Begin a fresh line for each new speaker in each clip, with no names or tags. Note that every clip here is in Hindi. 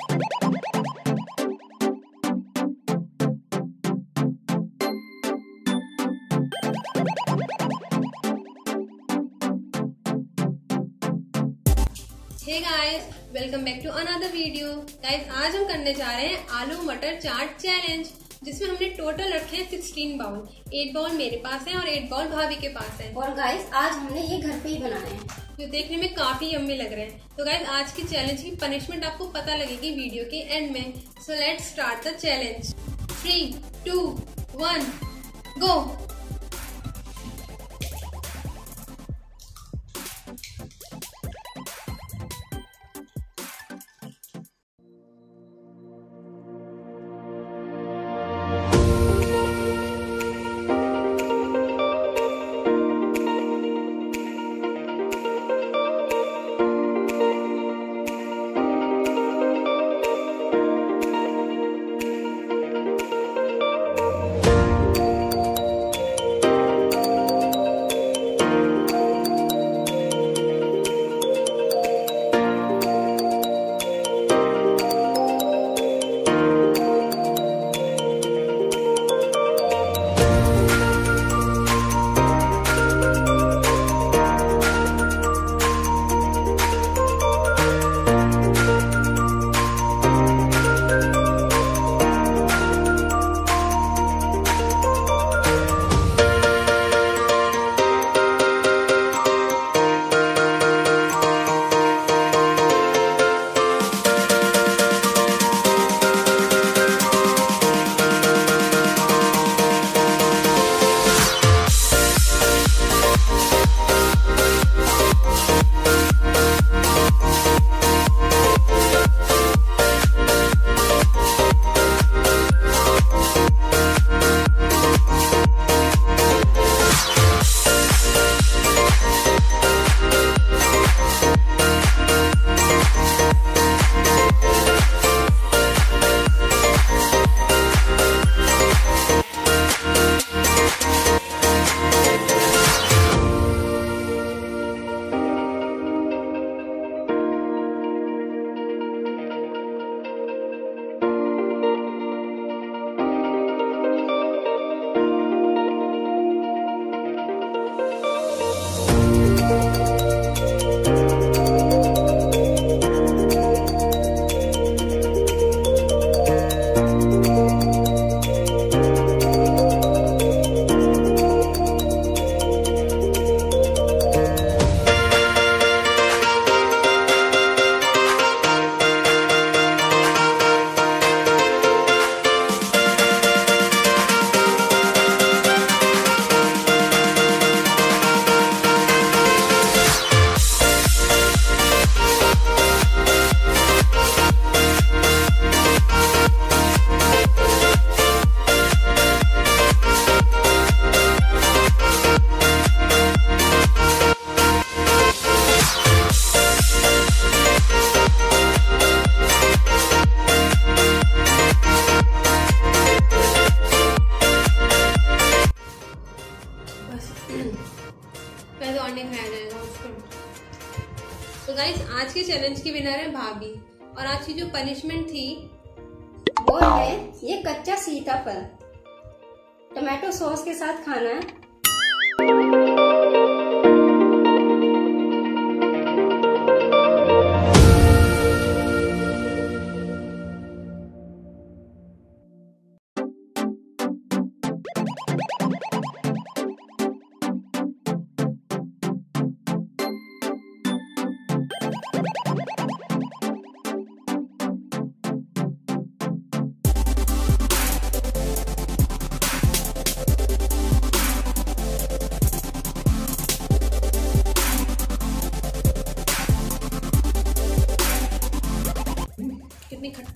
guys welcome back to another video guys आज हम करने जा रहे हैं आलू मटर चाट चैलेंज जिसमें हमने टोटल रखे हैं सिक्सटीन बाउल एट बाउल मेरे पास है और एट बाउल भाभी के पास है और गाइस आज हमने ये घर पे ही बनाए हैं जो देखने में काफी यम्मी लग रहे हैं तो गाइस आज की चैलेंज की पनिशमेंट आपको पता लगेगी वीडियो के एंड में so let start the challenge three two one go भी तो और नहीं खाया जाएगा उसको तो गाइज आज के चैलेंज की विनर है भाभी और आज की जो पनिशमेंट थी वो है ये कच्चा
सीता पर टमाटो सॉस के साथ खाना है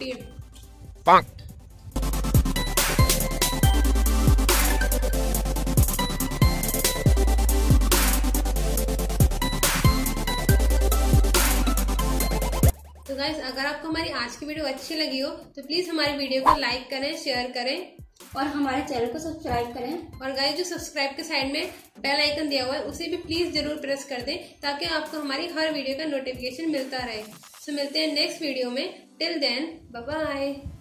सकती
तो गाइज अगर आपको हमारी आज की वीडियो अच्छी लगी हो तो प्लीज़ हमारी वीडियो को लाइक करें शेयर करें और हमारे चैनल को सब्सक्राइब करें और गाइज जो सब्सक्राइब के साइड में बेल आइकन दिया हुआ है उसे भी प्लीज़ ज़रूर प्रेस कर दें ताकि आपको हमारी हर वीडियो का नोटिफिकेशन मिलता रहे सो मिलते हैं नेक्स्ट वीडियो में टिल देन बाय